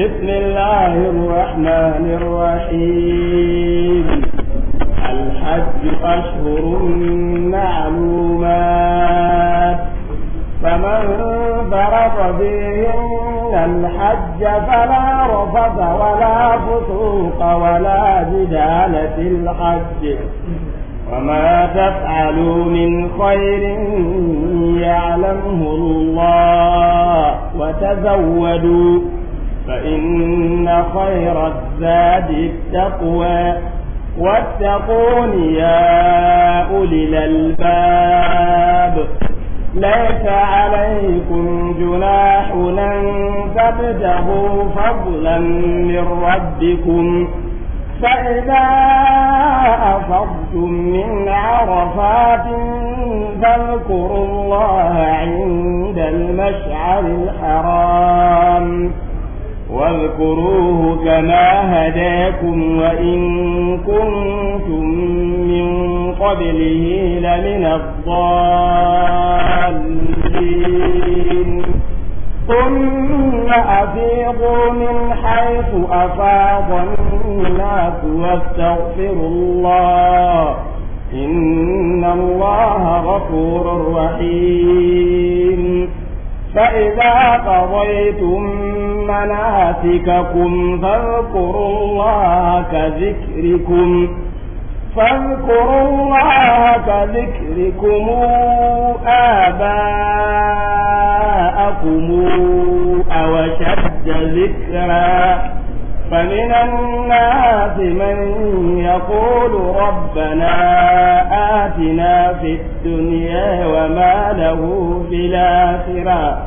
بسم الله الرحمن الرحيم الحج أشهر معلومات فمن فرض بهن الحج فلا رفض ولا فسوق ولا جدال في الحج وما تفعلوا من خير يعلمه الله وتزودوا فإن خير الزاد التقوى واتقون يا أولي الألباب ليس عليكم جناح أن تبتغوا فضلا من ربكم فإذا أفضتم من عرفات فاذكروا الله عند المشعر الحرام واذكروه كما هداكم وإن كنتم من قبله لمن الضالين ثم أفيضوا من حيث أفاض الناس واستغفروا الله إن الله غفور رحيم فإذا قضيتم مناسككم فاذكروا الله كذكركم فاذكروا الله كذكركم آباءكم أو شد ذكرا فمن الناس من يقول ربنا آتنا في الدنيا وما له في الآخرة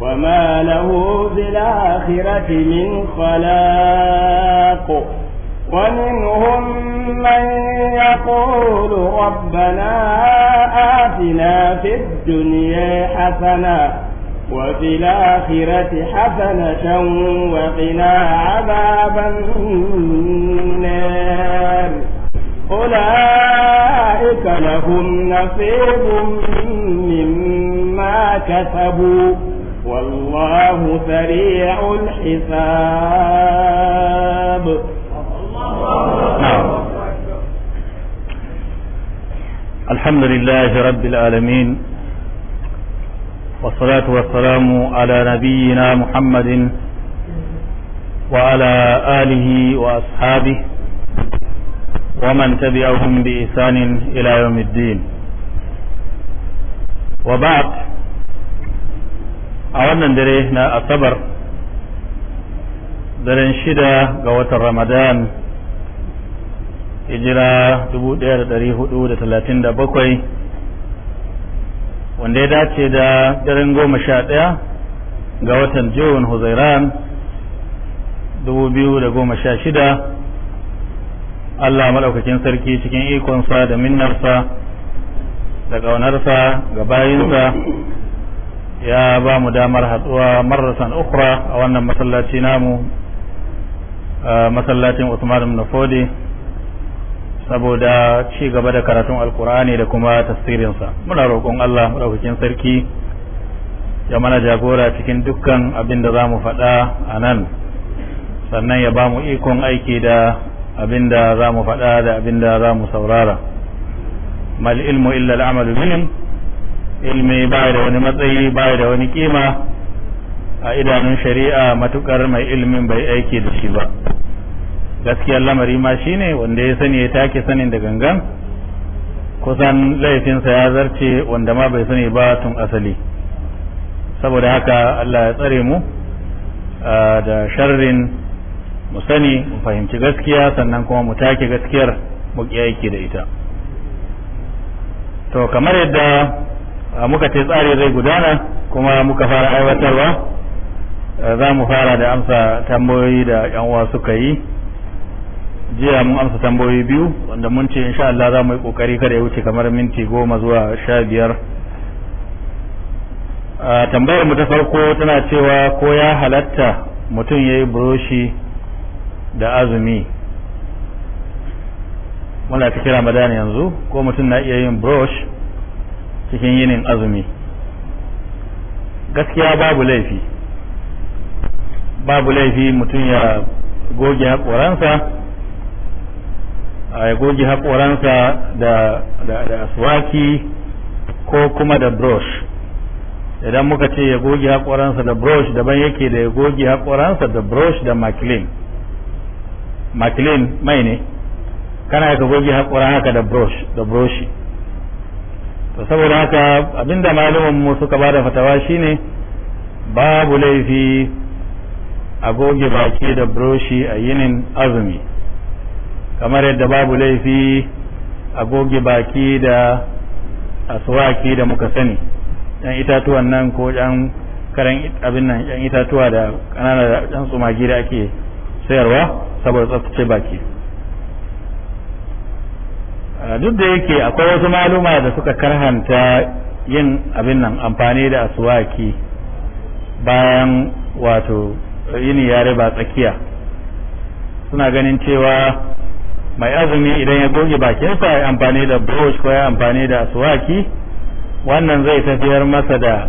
وما له في الآخرة من خلاق ومنهم من يقول ربنا آتنا في الدنيا حسنة وفي الآخرة حسنة وقنا عذاب النار أولئك أولئك لهم نصيب مما كسبوا والله سريع الحساب نعم. الحمد لله رب العالمين والصلاة والسلام على نبينا محمد وعلى آله وأصحابه Waman ومن تبعهم بإحسان إلى Wabat a wannan dare na Asabar daren shida ga watan ramadan hijira bakwai wanda ya dace da daren goma sha ɗaya ga watan jiwon huzairan shida? Allah madaukakin sarki cikin ikonsa da minnarsa da ƙaunarsa ga bayinsa ya ba mu damar hatsuwa marasan ukra a wannan masallaci namu masallacin Usman ibn Fodi saboda ci gaba da karatun alkur'ani da kuma tasirinsa muna roƙon Allah madaukakin sarki ya mana jagora cikin dukkan abin da za mu faɗa a nan sannan ya ba mu ikon aiki da abinda za mu faɗa da abinda za mu saurara mal ilmu illa al'amalu bihim ilmi ba da wani matsayi ba da wani kima a idanun shari'a matukar mai ilmin bai aiki da shi ba gaskiyar lamari ma shine wanda ya sani ya take sanin da gangan kusan laifinsa ya zarce wanda ma bai sani ba tun asali saboda haka Allah ya tsare mu ah, da sharrin mu sani mu fahimci gaskiya sannan kuma mu take gaskiyar mu aiki da ita to kamar yadda muka ce tsari zai gudana kuma muka fara aiwatarwa za mu fara da amsa tambayoyi da yan uwa suka yi jiya mun amsa tambayoyi biyu wanda mun ce insha Allah za mu yi kokari kada ya wuce kamar minti goma zuwa sha biyar tambayar mu ta farko tana cewa ko ya halatta mutum ya yi buroshi da azumi muna cikin ramadan yanzu ko mutum na iya yin brush cikin yinin azumi gaskiya babu laifi babu laifi mutum ya goge haƙoransa a goge haƙoransa da aswaki ko kuma da brush idan muka ce ya goge haƙoransa da brush daban yake da ya goge haƙoransa da brush da maclean maklin mai ne kana ka goge haƙura haka da brush da broshi to saboda haka abinda malamanmu mu suka bada fatawa shine babu laifi a goge baki da broshi a yinin azumi kamar yadda babu laifi a goge baki da aswaki da muka sani yan itatuwan nan ko yan karan abin nan yan itatuwa da ƙanana da yan tsumagi da ake sayarwa saboda tsaftace baki duk da yake akwai wasu maluma da suka karhanta yin abin nan amfani da asuwaki bayan wato yini ya riba tsakiya suna ganin cewa mai azumi idan ya goge bakinsa ya amfani da brush ko ya amfani da aswaki wannan zai tafiyar masa da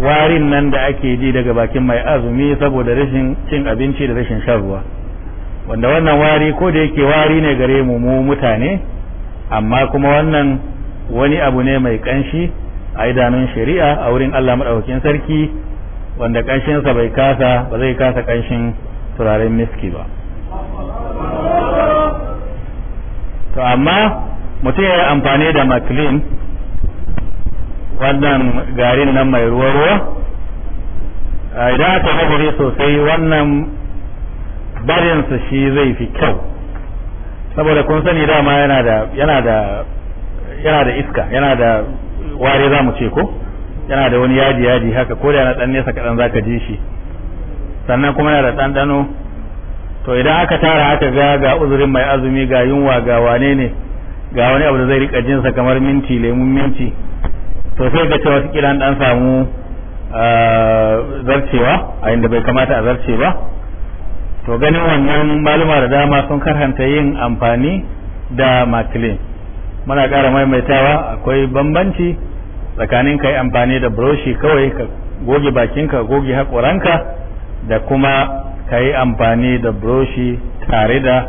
warin nan da ake ji daga bakin mai azumi saboda rashin cin abinci da rashin shan ruwa wanda wannan wari ko da yake wari ne gare mu mu mutane amma kuma wannan wani abu ne mai kanshi a idanun shari'a a wurin Allah madaukakin sarki wanda sa bai kasa ba zai kasa kanshin turaren miski ba to amma mutum ya yi amfani da maklin wannan garin nan mai ruwa-ruwa idan aka sosai wannan barinsa shi zai fi kyau saboda kun sani dama yana da yana da yana da iska yana da ware za mu ce ko yana da wani yaji yaji haka ko da na dan nesa kaɗan zaka ji shi sannan kuma yana da ɗanɗano to idan aka tara aka ga ga uzurin mai azumi ga yunwa ga wane ne ga wani abu da zai rika jinsa kamar minti lemun minti to sai ga cewa kiran dan samu ah, zarcewa a inda bai kamata a zarce ba to ganin wannan maluma da dama sun karhanta yin amfani da makilin muna ƙara maimaitawa akwai bambanci tsakanin ka yi amfani da buroshi kawai ka goge bakinka goge haƙoranka da kuma ka yi amfani da buroshi tare da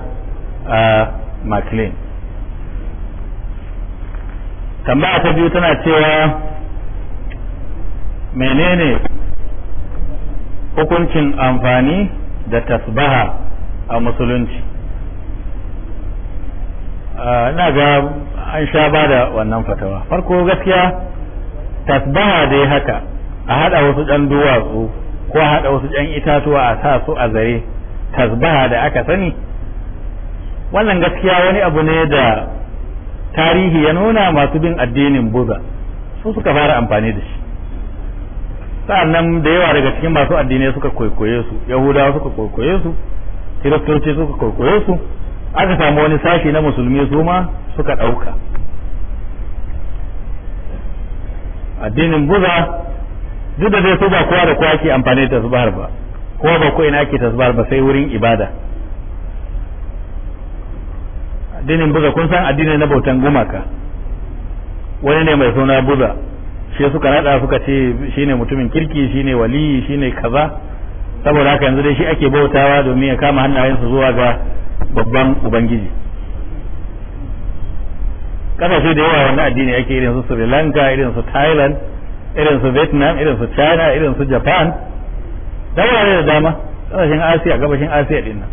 makilin tambaya ta biyu tana cewa menene hukuncin amfani da tasbaha a musulunci ina ga an sha ba da wannan fatawa farko gaskiya tasbaha dai haka a haɗa wasu ɗan duwatsu ko a haɗa wasu ɗan itatuwa a sa su a zare tasbaha da aka sani wannan gaskiya wani abu ne da tarihi ya nuna masu bin addinin buza su suka fara amfani da shi sa'annan da yawa daga cikin masu addinai suka kwaikwaye su yahudawa suka kwaikwaye su kiristoci suka kwaikwaye su aka samu wani sashi na musulmi su ma suka ɗauka addinin buza duk da zai su ba kowa da kowa ke amfani da tasbar ba kowa ba kowa ina ke tasbar ba sai wurin ibada addinin buza kun san addini na bautan gumaka wani ne mai suna buza shi suka rada suka ce shine mutumin kirki shine wali shine kaza saboda haka yanzu dai shi ake bautawa domin ya kama hannayensu zuwa ga babban ubangiji kasashe da yawa wani addini ake irin su Sri Lanka irin su Thailand irin su Vietnam irin su China irin su Japan da wurare da dama kasashen Asiya gabashin Asiya din nan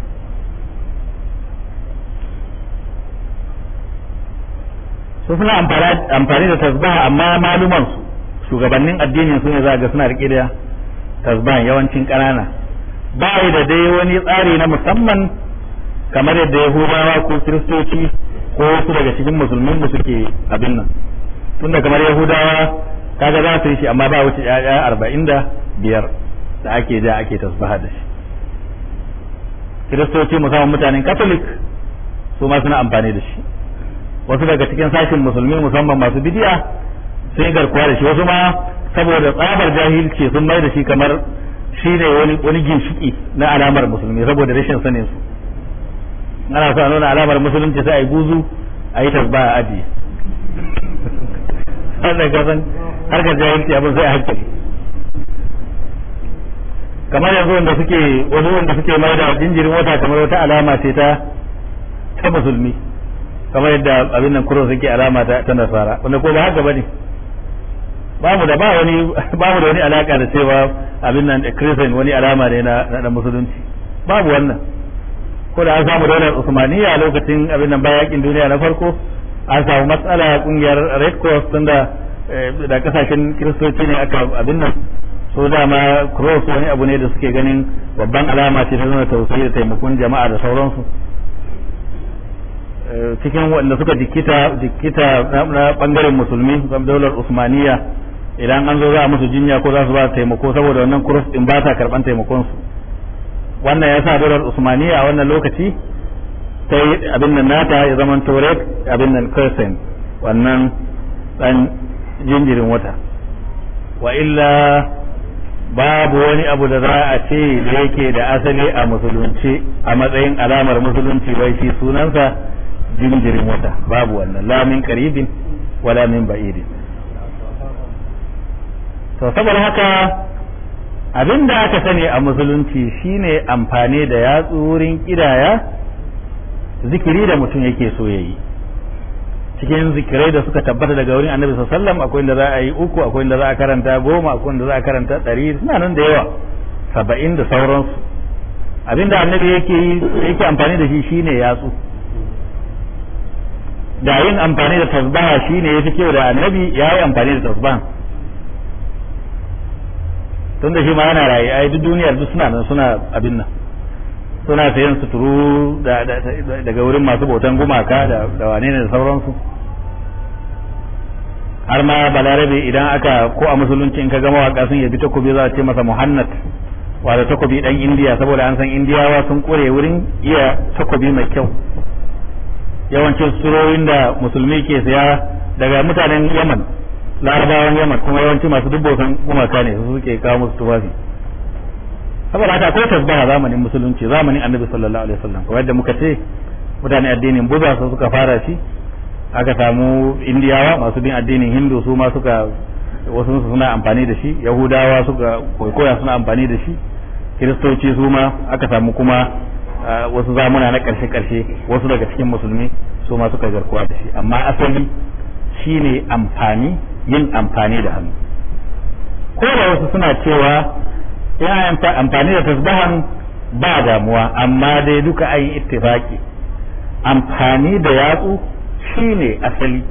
su suna amfani da tasbaha amma malumansu shugabannin addinin su ne za ga suna rike da tasban yawancin ƙanana ba da dai wani tsari na musamman kamar yadda yahudawa ko kiristoci ko wasu daga cikin musulmin mu suke abin nan tunda kamar yahudawa kaga za su yi shi amma ba wuce ƴaƴa arba'in da biyar da ake da ake tasbaha da shi kiristoci musamman mutanen katolik su ma suna amfani da shi wasu daga cikin sashin musulmi musamman masu bidiya sai garkuwa da shi wasu ma saboda tsabar jahilci sun mai da shi kamar shi ne wani ginshiki na alamar musulmi saboda rashin sanin su ana sa nuna alamar musulunci sai a yi guzu a yi tasba a aji wannan kasan harkar jahilci abin sai a hankali kamar yanzu wanda suke wasu wanda suke mai da jinjirin wata kamar wata alama ce ta ta musulmi kamar yadda abin nan kuro suke alama ta nasara wanda ko ba haka ba ne ba da ba wani ba da wani alaka da cewa abin nan da christian wani alama ne na na musulunci babu wannan ko da an samu daular usmaniya lokacin abin nan bayakin duniya na farko an samu matsala kungiyar red cross tunda eh, da kasashen kristoci ne aka abin nan so dama cross wani abu ne da suke ganin babban alama ce ta zama tausayi da taimakon jama'a da sauransu eh, cikin wanda suka jikita jikita na bangaren musulmi daular usmaniya idan an zo za a musu jinya ko za su ba taimako saboda wannan kurus din ba ta karban taimakon su wannan ya sa dolar usmaniya a wannan lokaci ta yi abin nan nata ya zama torek abin nan crescent wannan dan jinjirin wata wa illa babu wani abu da za a ce da yake da asali a musulunci a matsayin alamar musulunci bai shi sunansa jinjirin wata babu wannan lamin karibin wala min ba'idin to saboda haka abin da aka sani a musulunci shine amfani da yatsu wurin kidaya zikiri da mutum yake so yayi cikin zikirai da suka tabbata daga wurin annabi sallallahu akwai inda za a yi uku akwai inda za a karanta goma akwai inda za a karanta ɗari suna nan da yawa saba'in da sauransu abinda annabi yake yi yake amfani da shi shine yatsu da yin amfani da tasbaha shine fi kyau da annabi ya yi amfani da tasbaha tun da shi ma yana raye ai duk duniyar duk suna nan suna abin nan suna sayan suturu daga wurin masu bautan gumaka da wane ne da sauransu har ma balarabe idan aka ko a musulunci in ka gama waka sun yabi takobi za a ce masa muhannad wato takobi dan indiya saboda an san indiyawa sun kure wurin iya takobi mai kyau yawancin surorin da musulmi ke saya daga mutanen yaman larabawan yamma kuma yawanci masu dubbosan gumaka ne su suke kawo musu tufafi saboda haka akwai a zamanin musulunci zamanin annabi sallallahu alaihi wasallam kamar yadda muka ce mutane addinin buba su suka fara shi aka samu indiyawa masu bin addinin hindu su ma suka wasu suna amfani da shi yahudawa suka koya suna amfani da shi kiristoci su ma aka samu kuma wasu zamuna na karshe karshe wasu daga cikin musulmi su ma suka garkuwa da shi amma asali shine amfani yin amfani da hannu ko da wasu suna cewa ina amfani da tasbihan ba damuwa amma dai duka a yi ittifaki amfani da yatsu shine asali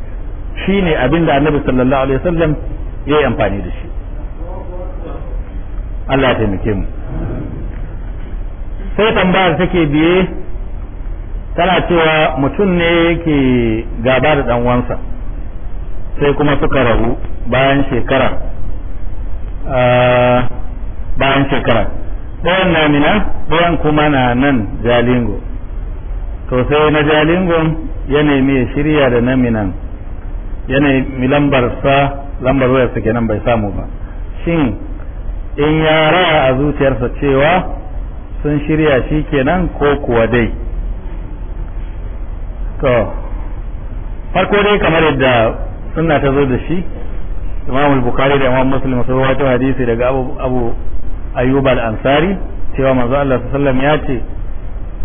shine abin da annabi sallallahu alaihi wasallam ya yi amfani da shi Allah ya taimake mu sai tambayar take biye tana cewa mutum ne yake gaba da dan wansa. sai kuma suka rabu bayan shekara bayan shekara ɗayan na mina ɗayan kuma na nan jalingo to sai na jalingon ya nemi ya shirya da na minan ya nemi lambar sa lambar wayar suke kenan bai samu ba shin in ya raya a zuciyarsa cewa sun shirya shi kenan ko kuwa dai to farko dai kamar yadda sunna ta zo da shi imam bukhari da imam muslim sun rawaito hadisi daga abu abu ayyub al-ansari cewa manzo Allah sallallahu ya ce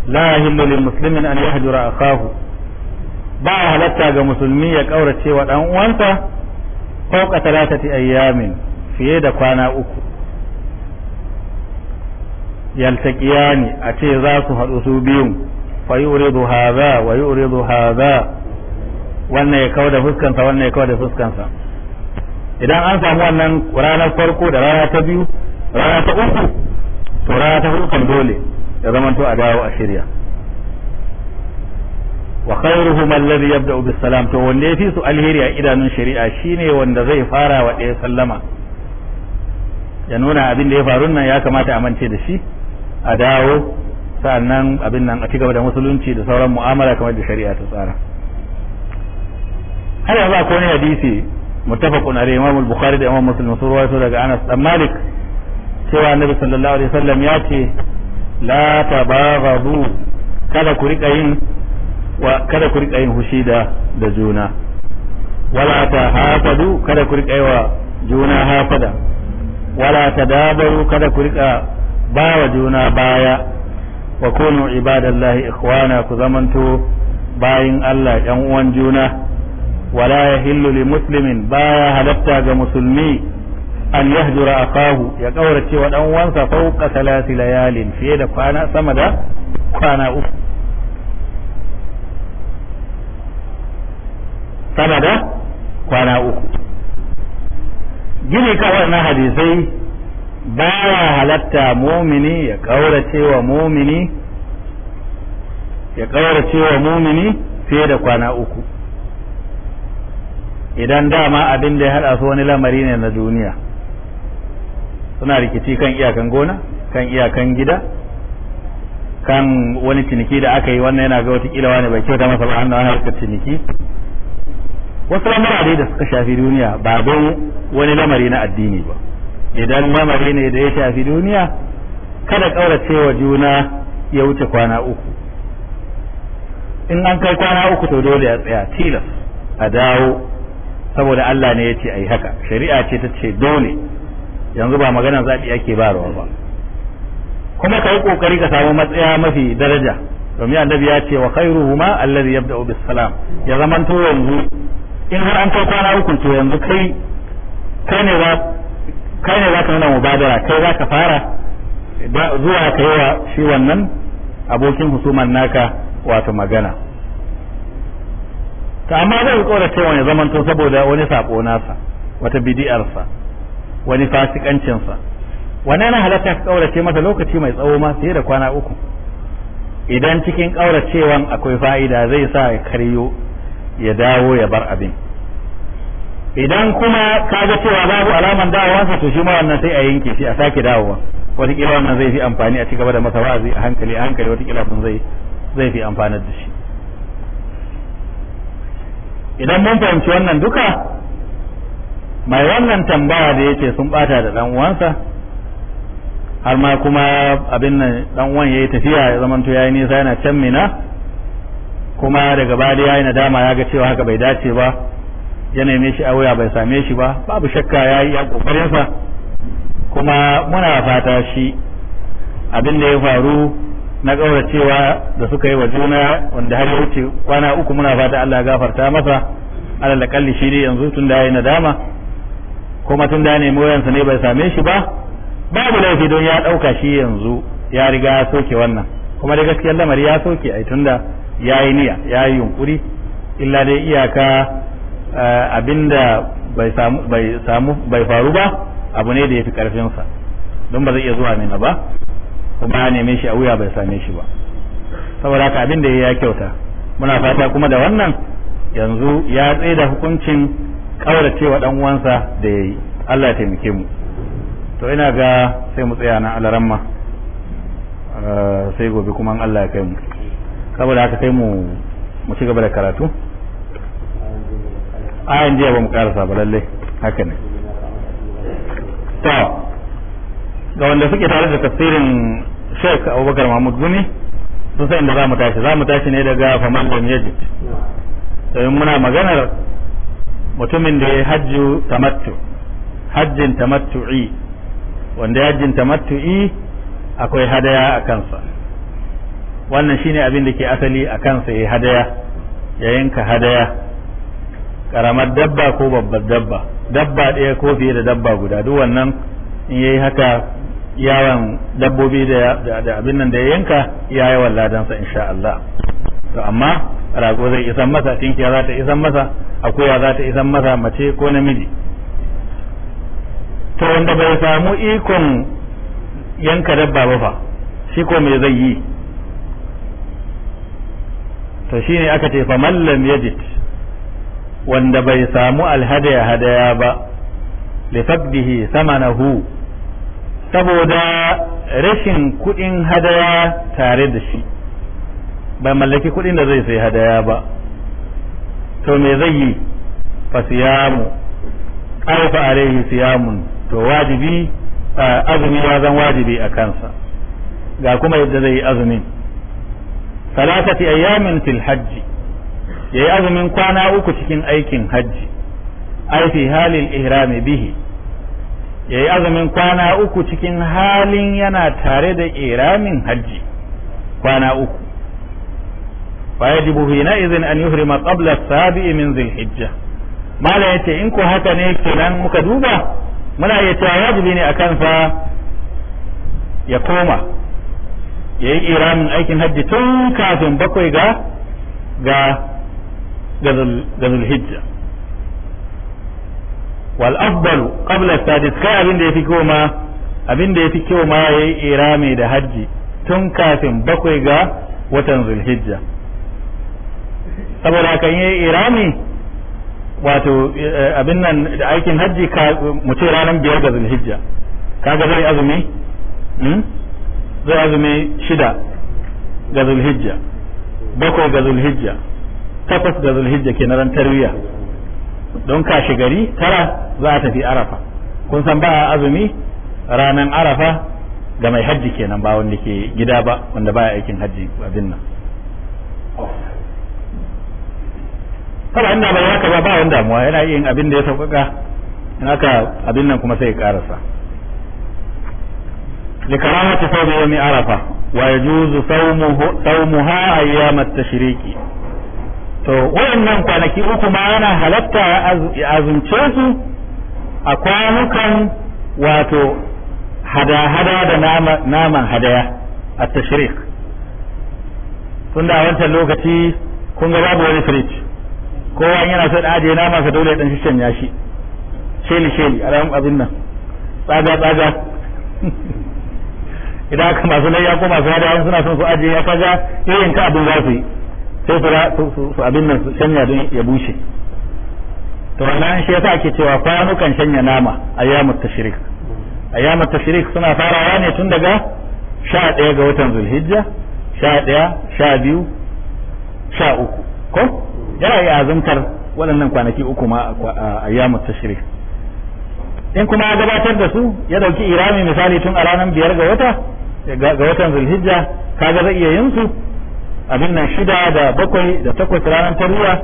la yahillu lil muslimin an yahjura akahu ba halatta ga musulmi ya kaurace wa dan uwansa fawqa thalathati ayyamin fiye da kwana uku yaltaqiyani a ce za su haɗu su biyun fa yuridu hadha wa yuridu hadha wannan ya kawo da fuskansa wannan ya kawo da fuskansa idan an samu wannan ranar farko da rana ta biyu rana ta uku to rana ta hudu dole ya zamanto a dawo a shirya wa khairuhum alladhi yabda'u bis salam to wanda yafi su alheri a idanun shari'a shine wanda zai fara wa ɗaya sallama ya nuna abin da ya faru nan ya kamata a mance da shi a dawo sa'annan abin nan a cigaba da musulunci da sauran mu'amala kamar da shari'a ta tsara har yanzu akwai wani hadisi muttafaqun alaihi Imam al-Bukhari da Imam Muslim sun rawaito daga Anas dan Malik cewa Annabi sallallahu alaihi ya ce la tabaghadu kada ku kada ku rika yin hushi da da juna wala ta hafadu kada ku rika wa juna hafada wala tadabaru kada ku rika ba juna baya wa kunu ibadallahi ikhwana ku zamanto bayin Allah yan uwan juna wala yahillu li muslimin baya halatta ga musulmi an yahdura akahu ya kaurace wa dan uwansa fawqa thalathi layalin fiye da kwana da sama da kwana uku gini ka wannan hadisai baya halatta mumini ya kaurace wa mumini mumini fiye da kwana uku idan dama abin da ya haɗa su wani lamari ne na duniya suna rikici kan iyakan gona kan iyakan gida kan wani ciniki da aka yi wannan yana ga watakila wani bai kyauta masa ba annawa harkar ciniki wasu lamura dai da suka shafi duniya ba don wani lamari na addini ba idan lamari ne da ya shafi duniya kada ƙaurace wa juna ya wuce kwana uku in an kai kwana uku to dole ya tsaya tilas a dawo saboda Allah ne ya ce yi haka shari'a ce ta ce dole yanzu ba magana zaɓi ake ba rawa ba kuma ka yi ka samu matsaya mafi daraja domin annabi ya ce wa khairuhuma alladhi yabda'u bis salam ya zaman to yanzu in har an kai kwana uku to yanzu kai kai ne ba kai ne zaka nuna mubadara kai zaka fara zuwa kai wa shi wannan abokin husuman naka wato magana to amma zai ya wani zamanto saboda wani sako nasa wata bidi'arsa wani fasikancin sa wannan yana halatta ka ce masa lokaci mai tsawo ma sai da kwana uku idan cikin kauracewan akwai fa'ida zai sa ya karyo ya dawo ya bar abin idan kuma ka ga cewa babu alaman dawowansa to shi ma wannan sai a yanke shi a sake dawowa kila wannan zai fi amfani a cigaba da masa wa'azi a hankali a hankali kila mun zai zai fi amfanar da shi idan mun fahimci wannan duka mai wannan tambaya da yake sun bata da dan uwansa har ma kuma abin nan dan uwan yayi tafiya ya zamanto yayi nisa yana can mina kuma daga baya yayi nadama ya ga cewa haka bai dace ba ya neme shi auya bai same shi ba babu shakka yayi ya kokarin sa kuma muna fata shi abin da ya faru na gaura cewa da suka yi wa juna wanda har ya wuce kwana uku muna fata Allah ya gafarta masa alal kalli shi ne yanzu tun da yayi nadama kuma tun da ne sa ne bai same shi ba babu laifi don ya dauka shi yanzu ya riga ya soke wannan kuma da gaskiyar lamari ya soke ai tunda yayi niyya yayi yunkuri illa dai iyaka eh, abinda bai samu bai samu bai faru ba abu ne da yafi karfin sa don ba zai iya zuwa mina ba kuma ya neme shi a wuya bai same shi ba saboda haka abin da ya kyauta muna fata kuma da wannan yanzu ya tsaye da hukuncin kauracewa dan uwansa da yayi Allah ya taimake mu to ina ga sai mu tsaya na alaramma eh, sai gobe kuma Allah ya kai mu saboda haka sai mu mu ci gaba da karatu ayan jiya ba mu karasa ba lalle haka ne to ga wanda suke tare da tafsirin Sheikh Abubakar Mahmud Gumi sun sai inda za mu tashi za mu tashi ne daga faman lam yajid domin muna maganar mutumin da ya hajju tamattu hajjin tamattu'i wanda ya hajjin tamattu'i akwai hadaya a kansa wannan shine abin da ke asali a kansa ya hadaya ya yanka hadaya karamar dabba ko babbar dabba dabba ɗaya ko fiye da dabba guda duk wannan in yayi haka yawan dabbobi da abin nan da ya yanka ya yawan ladansa insha Allah to amma rago zai isan masa tinkiya za ta isan masa akuya za ta isan masa mace ko namiji to wanda bai samu ikon yanka dabba ba fa shi ko me zai yi to shine aka ce fa mallam yajid wanda bai samu alhadaya hadaya ba li samanahu saboda rashin kuɗin hadaya tare da shi bai mallaki kuɗin da zai sai hadaya ba to me zai yi fa siyamu alfa alaihi siyamun to wajibi azumi ya zan wajibi a kansa ga kuma yadda zai yi azumin salasati ayyamin fil hajji yayi azumin kwana uku cikin aikin hajji ai fi halil ihrami bihi ya yi azumin kwana uku cikin halin yana tare da iramin hajji kwana uku fayajibu hina izin an yuhrima qabla sabi'i min zilhijja mala ce in ko haka ne kenan muka duba muna iya cewa wajibi ne a kansa. ya koma ya yi iramin aikin hajji tun kafin bakwai ga ga ga wal afdalu qabla sadis kai abin da yafi kyau ma abin da yafi kyau ma yayi irami da hajji tun kafin bakwai ga watan zulhijja saboda kan yi irami wato eh, abin nan da aikin hajji ka mu ce ranar biyar ga zulhijja kaga zai azumi hmm? zai azumi shida ga zulhijja bakwai ga zulhijja takwas ga zulhijja ke na ran tarwiya don kashi gari tara za a tafi arafa kun san ba azumi ranar arafa ga mai hajji kenan ba wanda ke gida ba wanda baya aikin hajji abin nan kawai ina ba haka ba ba wanda damuwa yana yin abin da ya sauƙaƙa in aka abin nan kuma sai ya ƙarasa لكرامة صوم arafa wa ويجوز صومه صومها أيام التشريق to wannan kwanaki uku ma yana halatta ya azumce su a kwanukan wato hada-hada da naman hadaya a tashrik tun da wancan lokaci kun ga babu wani fridge kowa yana so da ajiye naman sa dole ɗan shishin shishan yashi sheli sheli a ran abin nan tsaga tsaga idan aka masu layya ko masu hada suna son su ajiye ya faga, irin ka abin za su yi sai su abin nan su shanya don ya bushe to ranar shi yasa ake cewa kwanukan shanya nama ayyamut tashrik ayyamut tashrik suna farawa ne tun daga sha ɗaya ga watan zulhijja Sha sha ɗaya biyu sha uku ko yana yi azumtar waɗannan kwanaki uku ma a ayyamut tashrik in kuma ya gabatar da su ya dauki irami misali tun a ranar biyar ga wata ga watan zulhijja kaga zai iya yin su abin nan shida da bakwai da takwas ranar tarwiya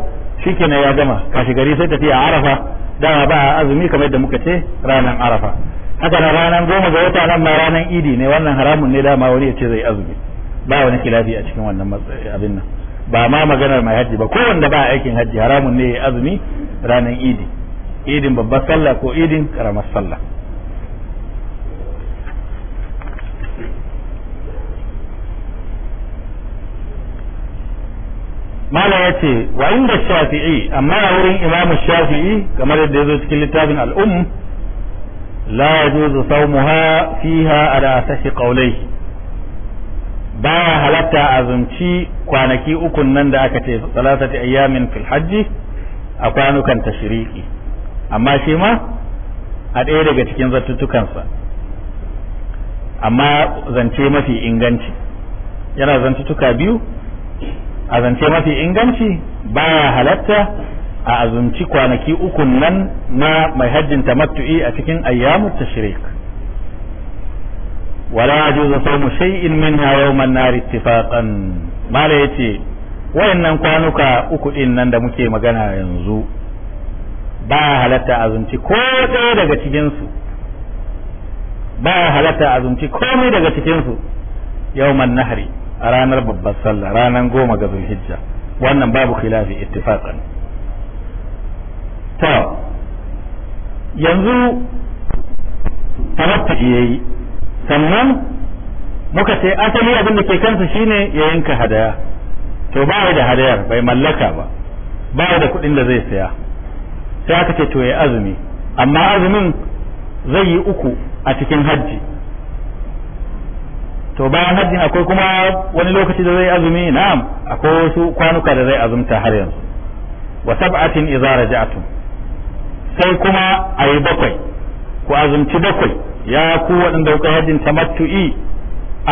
shikenan ya gama kashi gari sai tafiya arafa dama ba azumi kamar yadda muka ce ranar arafa haka na ranar goma ga wata nan ma ranar idi ne wannan haramun ne dama wani ya ce zai azumi ba wani kilafi a cikin wannan abin nan ba ma maganar mai hajji ba ko wanda ba aikin hajji haramun ne ya azumi ranar idi idin babbar sallah ko idin karamar sallah mala ya ce wa inda shafi'i amma a wurin imamu shafi'i kamar yadda ya zo cikin littafin al'um la ya sau saumuha fiha ala asahi ba ya halatta azumci kwanaki ukun nan da aka ce salatati ayyamin fil hajji a kwanukan tashiriki. amma shi ma a ɗaya daga cikin zattutukansa amma zance mafi inganci yana zantutuka biyu azance mafi inganci baya halatta a azunci kwanaki ukun nan na mai hajjin tamattu'i a cikin ayyamut tashrik wala yajuzu sawmu shay'in minha yawman nar ittifaqan mala yace wayannan kwanuka uku din nan da muke magana yanzu ba halatta azunci ko ɗaya daga cikin su ba halatta azumci komai daga cikin su yawman nahri a ranar babbar sallah ranar goma ga zulhijja wannan babu khilafi ittifaqan to yanzu ya yayi sannan muka ce asali abin da ke kansa shine ya yanka hadaya to ba da hadayar bai mallaka ba ba da kuɗin da zai saya sai aka ce to ya azumi amma azumin zai yi uku a cikin hajji to bayan hajjin akwai kuma wani lokaci da zai azumi na'am akwai wasu kwanuka da zai azumta har yanzu wa sab'atin idza raja'tu sai kuma ayi bakwai ku azumci bakwai ya ku waɗanda kuka hajjin tamattu'i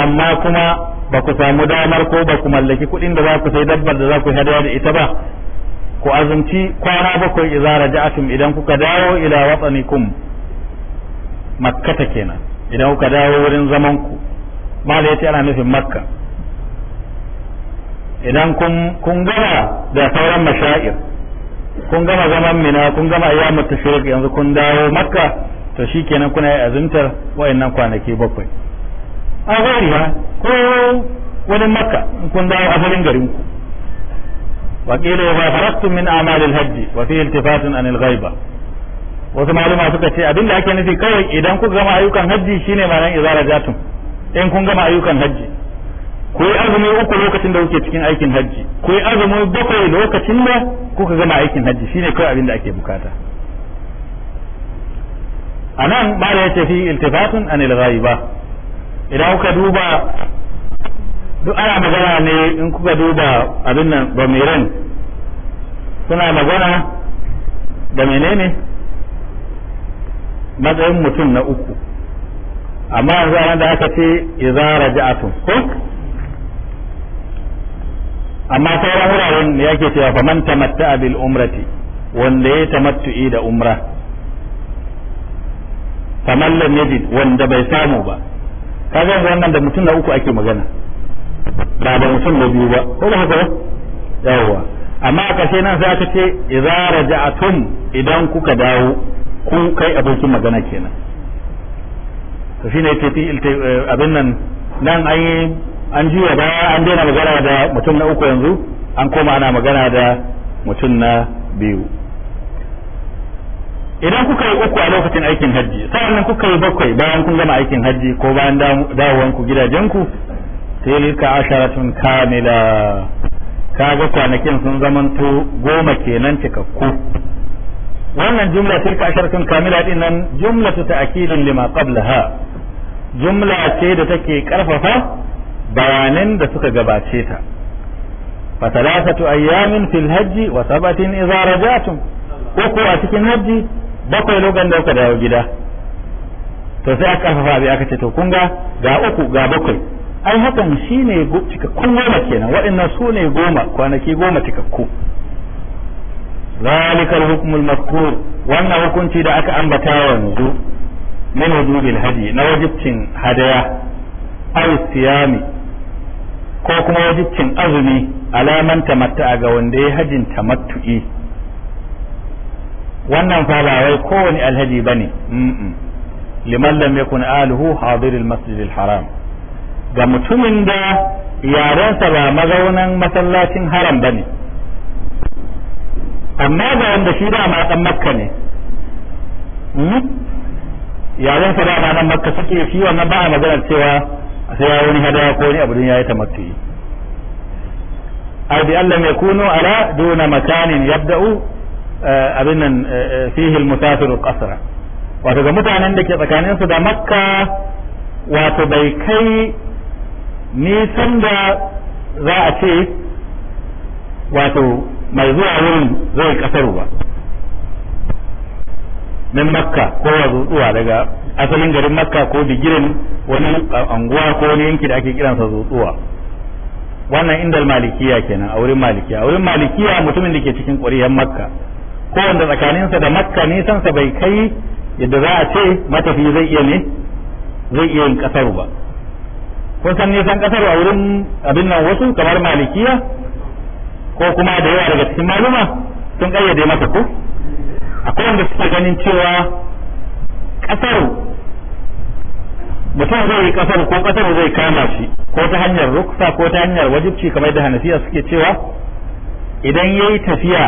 amma kuma ba ku samu damar ko ba ku mallaki kuɗin da za ku sai dabbar da za ku hadaya da ita ba ku azumci kwana bakwai idza raja'tum idan kuka dawo ila watanikum makkata kenan idan kuka dawo wurin zaman ku mala yace ana nufin makka idan kun gama da sauran mashair kun gama zaman mina kun gama ayyamu tashrik yanzu kun dawo makka to shikenan kuna yi azumtar wayannan kwanaki bakwai a ha ko wani makka kun dawo asalin garin ku وقيل إذا فرغتم من أعمال الهج وفيه التفات عن الغيبة wasu maluma suka ce abin da ake nufi kawai idan kuka gama ayyukan hajji shine ma'anar izara jatun in kun gama ayyukan hajji ku yi azumi uku lokacin da kuke cikin aikin hajji ku yi azumi bakwai lokacin da kuka gama aikin hajji shine kai abin da ake bukata anan nan ba fi iltifatun an ba idan kuka duba duk ana magana ne in kuka duba abin nan bamiran suna magana da menene matsayin mutum na uku amma yanzu a da aka ce idza raja'atum ko amma sauran wuraren yake cewa fa man tamatta'a bil umrati wanda ya tamattu'i da umra man lam yajid wanda bai samu ba kaga wannan da mutum na uku ake magana ba da mutum na biyu ba ko ba haka yawa amma a ƙarshe nan sai aka ce idza raja'atum idan kuka dawo kun kai abokin magana kenan to shine yace eh, abin nan nan an yi an juya an daina magana da mutum na uku yanzu an koma ana magana da mutum na biyu idan kuka yi uku a lokacin aikin hajji sa'annan kuka yi bakwai bayan kun gama aikin hajji ko bayan dawowan ku ku tilka asharatun kamila kaga kwanakin sun zamanto goma kenan cikakku wannan jumla tilka asharatun kamila din nan jumlatu ta'kidin lima qablaha jumla ce da take karfafa bayanan da suka gabace ta fa thalathatu ayyamin fil hajji wa sabatin idza rajatum ko ko a cikin hajji bakwai logan da kuka dawo gida to sai aka karfafa bai aka ce to kun ga ga uku ga bakwai ai hakan shine cikakkun goma kenan waɗannan su ne goma kwanaki goma cikakku ذلك الحكم المذكور وان hukunci da aka ambata yanzu min wujubil hadi na wajibcin hadaya aw siyami ko kuma wajibcin azumi alaman tamatta ga wanda ya hajin wannan fa ba wai kowane alhaji bane liman lam yakun ahluhu hadir al-masjid haram ga mutumin da yarensa ba mazaunan masallacin haram bane amma ga wanda shi da ma dan makka ne hmm? ya sa da ba nan makka suke shi wannan ba a magana cewa sai ya wani hadaya ko wani abu din yayi tamattu'i أو بأن لم يكونوا على makanin مكان يبدأ أبنا فيه المسافر القصر wato mutanen da ke tsakaninsu da makka wato bai kai nisan da za a ce wato mai zuwa wurin zai kasaru ba min makka ko ya zuwa daga asalin garin makka ko bigirin wani anguwa ko wani yanki da ake kiransa zuwa wannan indal malikiya kenan a wurin malikiya a wurin malikiya mutumin da ke cikin ƙuriyar makka ko wanda tsakaninsa da makka nisansa bai kai yadda za a ce matafi zai iya ne zai iya yin kasaru ba kun san nisan kasar a wurin abin nan wasu kamar malikiya ko kuma da yawa daga cikin maluma sun ƙayyade masa ko akwai wanda suke ganin cewa ƙasar, mutum zai yi kasar ko kasar zai kama shi ko ta hanyar ruksa ko ta hanyar wajibci kamar da hanafiya suke cewa idan yayi tafiya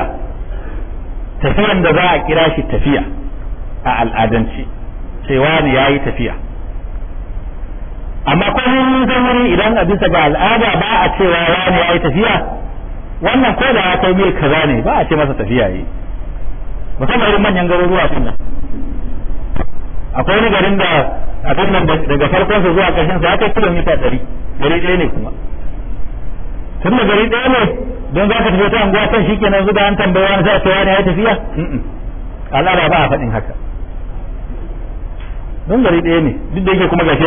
tafiyan da za a kira shi tafiya a al'adanci cewa ne yi tafiya amma kwanan zamanin idan a bisa ga al'ada ba a cewa ya yayi tafiya wannan ko da ya kai mil kaza ne ba a ce masa tafiya yi musamman irin manyan garuruwa sun nan akwai wani garin da a kan nan daga farkon su zuwa ƙarshen sa ya kai kilomita ɗari gari ɗaya ne kuma tun da gari ɗaya ne don za ka tafi ta anguwa kan shi kenan zuba an tambaya wani za a ce wani ya tafiya al'ada ba a faɗin haka don gari ɗaya ne duk da yake kuma gashi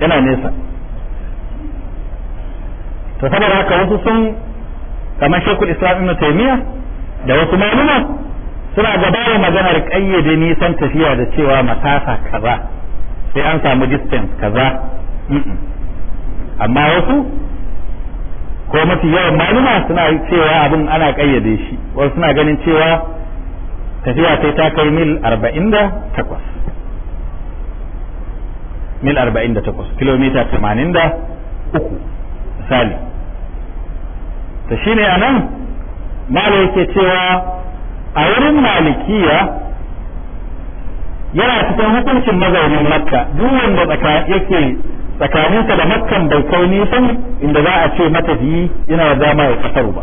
yana nesa ta saboda haka wasu sun kamar shekul islam ibn taymiya da wasu malama suna gaba maganar kayyade nisan tafiya da cewa matasa kaza sai an samu distance kaza amma wasu ko mafi yawan maluma suna cewa abin ana kayyade shi wasu suna ganin cewa tafiya sai ta kai mil arba'in da takwas mil arba'in da takwas kilomita tamanin da uku misali to shine anan malai yake cewa a wurin malikiya yana cikin hukuncin mazaunin makka duk wanda tsaka yake tsakaninsa da makkan bai kai nisan inda za a ce matafiyi yana da dama ya kasar ba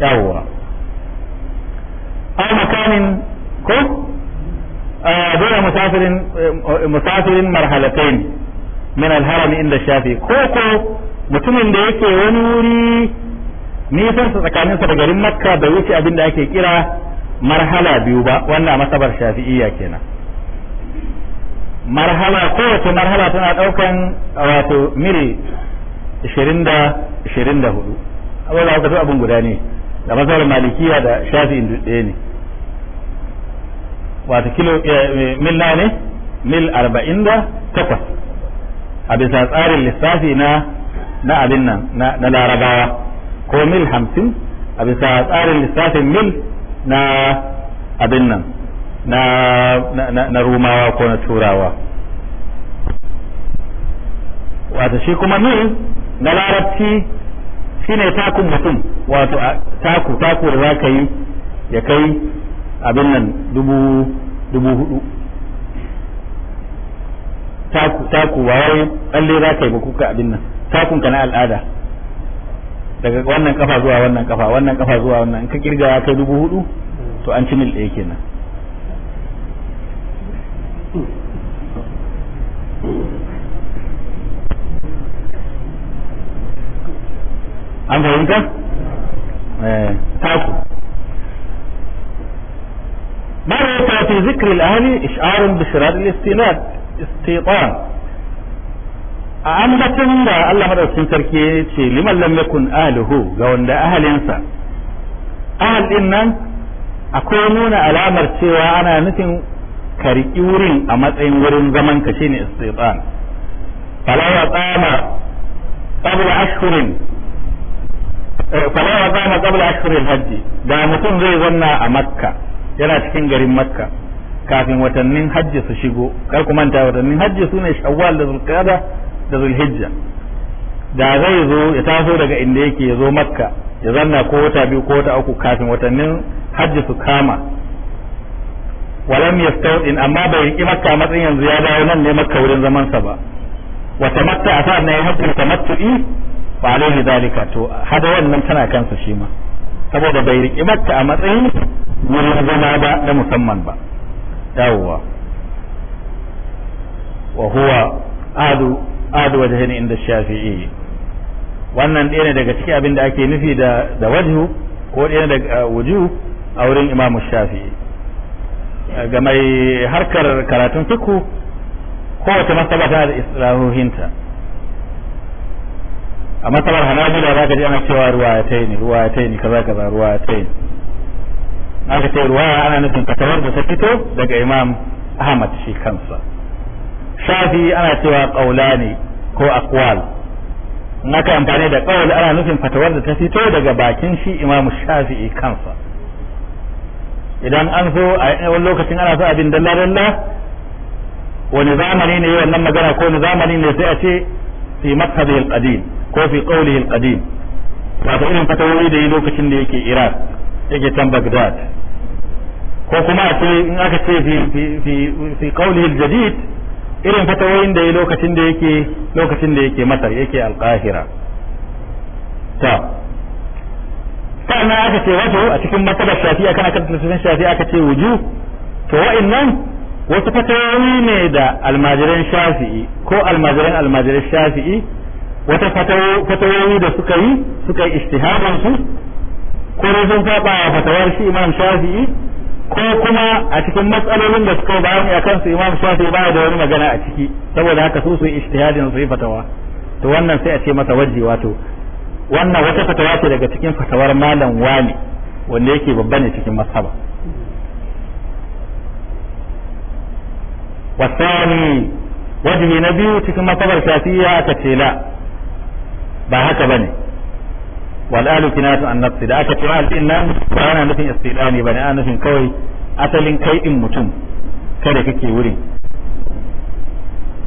yawwa a makamin ko dole musafirin musafirin marhalatain min alharami inda shafi ko ko mutumin da yake wani wuri nisan sa tsakanin sa da garin makka bai wuce abin da ake kira marhala biyu ba wannan masabar shafi'iyya kenan marhala kowace marhala tana daukan wato miri 20 da 24 abubuwa da kuka abin guda ne da masabar malikiya da shafi'in ɗaya ne wato kilo eh, eh, mil na ne mil 48 a bisa tsarin lissafi na na abin nan na larabawa ko mil hamsin a bisa tsarin lissafin mil na abin nan na rumawa ko na turawa wato shi kuma mil na larabci shine takun mutum wato taku taku da za ka yi ya kai abin nan dubu dubu hudu taku taku ba wai tsalle za ka yi ba kuka abin nan takun ka na al'ada daga wannan kafa zuwa wannan kafa wannan kafa zuwa wannan in ka kirga ya kai dubu hudu to an ci mil ɗaya kenan an fahimta taku ما يقع في ذكر الأهل إشعار بشرار الاستيطان a ambatin da Allah madaukakin sarki ce liman lam yakun ahluhu ga wanda ahalinsa ahal din nan akwai nuna alamar cewa ana nufin karki wurin a matsayin wurin zaman ka shine istitan fala ya tsama qabla ashhurin eh, fala ya tsama qabla ashhurin hajji da mutum zai zanna a makka yana cikin garin makka kafin watannin hajji su shigo kar ku manta watannin hajji sune shawwal da zulqa'da da zulhijja da zai zo ya taso daga inda yake ya zo makka ya zanna ko wata biyu ko wata uku kafin watannin hajji su kama walam ɗin amma bai riki makka matsayin yanzu ya dawo nan ne makka wurin zaman sa ba wa tamatta asa na ya hajji tamattu'i fa alaihi zalika to hada wannan tana kansa shi ma saboda bai riki makka a matsayin wurin zama ba na musamman ba dawowa. wa huwa adu adu wajhin inda shafi'i wannan ɗaya ne daga cikin abin da ake nufi da da wajhu ko ɗaya daga uh, wuju a wurin imamu shafi'i uh, ga mai harkar karatun fiqh kowace masaba ta da islahohinta a matsalar hanabila za ka ji ana cewa ruwayatai ne ruwayatai ne kaza kaza ruwayatai ne aka ce ruwaya ana nufin katawar da ta fito daga imam ahmad shi kansa shafi ana cewa ƙaula ne ko akwal naka amfani da ƙawal ana nufin fatawar da ta fito daga bakin shi imamu shafi'i kansa idan an so a wani lokacin ana so abin dalla dalla wani zamani ne wannan magana ko wani zamani ne sai a ce fi mazhabi al-qadim ko fi qawlihi al-qadim ba wato irin fatawoyi da yi lokacin da yake Iraq yake can Baghdad ko kuma a ce in aka ce fi fi fi qawlihi al-jadid irin fatawoyin da ya lokacin da yake lokacin da yake masar yake alkahira ta sannan aka ce wato a cikin matsalar shafi a kan tasirin shafi aka ce wuju to wa'annan wasu fatawoyi ne da almajiran shafi'i ko almajiran almajiran shafi'i wata fatawoyi da suka yi suka yi ishtihaman su ko sun saba fatawar shi imam shafi'i ko kuma a cikin matsalolin da suka bayani a kansu imam shafi baya da wani magana a ciki saboda haka su su yi ijtihadin su yi fatawa to wannan sai a ce masa waje wato wannan wata fatawa ce daga cikin fatawar malam wani wanda yake babba ne cikin masaba wasani wajmi na biyu cikin masabar shafiya aka ce la ba haka bane والآل تنات النفس إذا أتى تعال إلا وأنا نفي استيلاني بني أنا نفي كوي أتل كي إمتم كده كي وري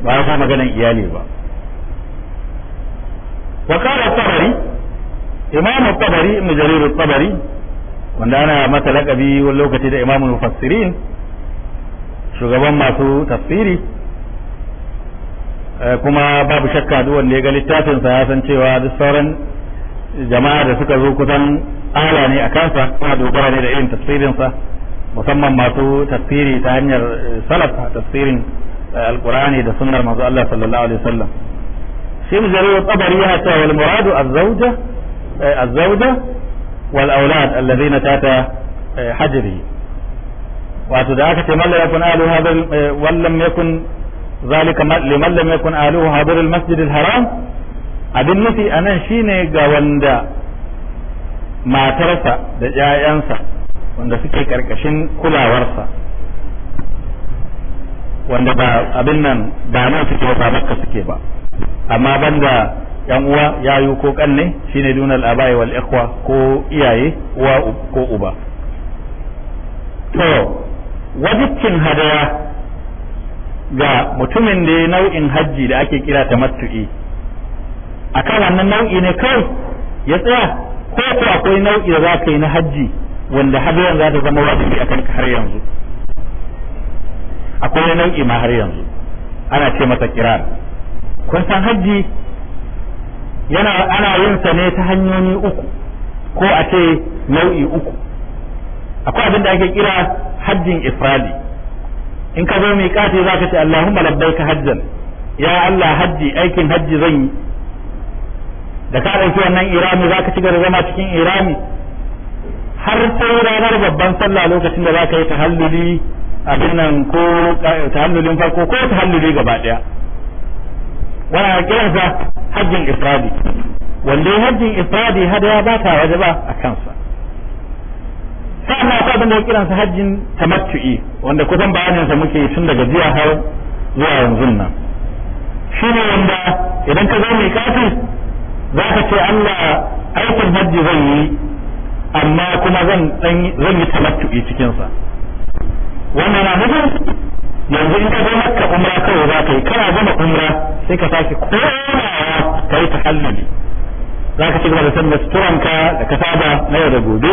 وأنا فهم أجل إيالي با وقال الطبري إمام الطبري ابن جرير الطبري وأنا أنا مثلا أبي واللوكة ده إمام المفسرين شو قبان ما سو تفسيري آه، كما باب شكا دول نيغالي تاتن سياسن شوى دستورن jama'a da suka zo kusan ala ne a kansa suna dogara ne da irin tafsirinsa musamman masu tafsiri ta hanyar salafa tafsirin alkurani da sunnar manzo Allah sallallahu alaihi wasallam shi mu jaro tabari ya ta wal muradu az-zawja az-zawja wal aulad alladhina tata hajri wato da aka ce mallam yakun alu hadal wallam yakun zalika liman lam yakun alu hadir al-masjid al-haram abin nufi a nan shi ne ga wanda matarsa da 'ya'yansa wanda suke karkashin kulawarsa wanda ba abin nan ba nan suke wata makka suke ba amma banda yan uwa yayu ko kanne shine dunal abai wal ikhwa ko iyaye uwa ko uba to wajibcin hadaya ga mutumin da ya nau'in hajji da ake kira ta matu'i akan wannan nau'i ne kai ya tsaya ko ko akwai nau'i da za ka yi na hajji wanda hadiyan za ta zama wajibi akan ka har yanzu akwai nau'i ma har yanzu ana ce masa kirar kun san hajji yana ana yin sa ne ta hanyoyi uku ko a ce nau'i uku akwai abin da ake kira hajjin ifradi in ka zo mai kati za ka ce Allahumma labbaika hajjan ya Allah hajji aikin hajji zan yi da ka ɗauki wannan irami za ka ci gaba zama cikin irami har sai ranar babban sallah lokacin da za ka yi tahalluli abin nan ko tahallulin farko ko tahalluli gaba ɗaya a kiransa hajjin ifradi wanda hajjin ifradi hadaya ba ta waje ba a kansa sannan akwai da kiransa hajjin tamattu'i wanda kusan bayaninsa muke tun daga jiya har zuwa yanzu nan shine wanda idan ka zo mai kafin za ka ce Allah aikin hajji zai yi amma kuma zan zan yi tamattu'i cikin sa wannan na nufin yanzu in ka zo makka umra kawai za ka yi kana gama umra sai ka sake komawa ka yi tahalluli za ka ci gaba da san da suturanka da ka saba na yau da gobe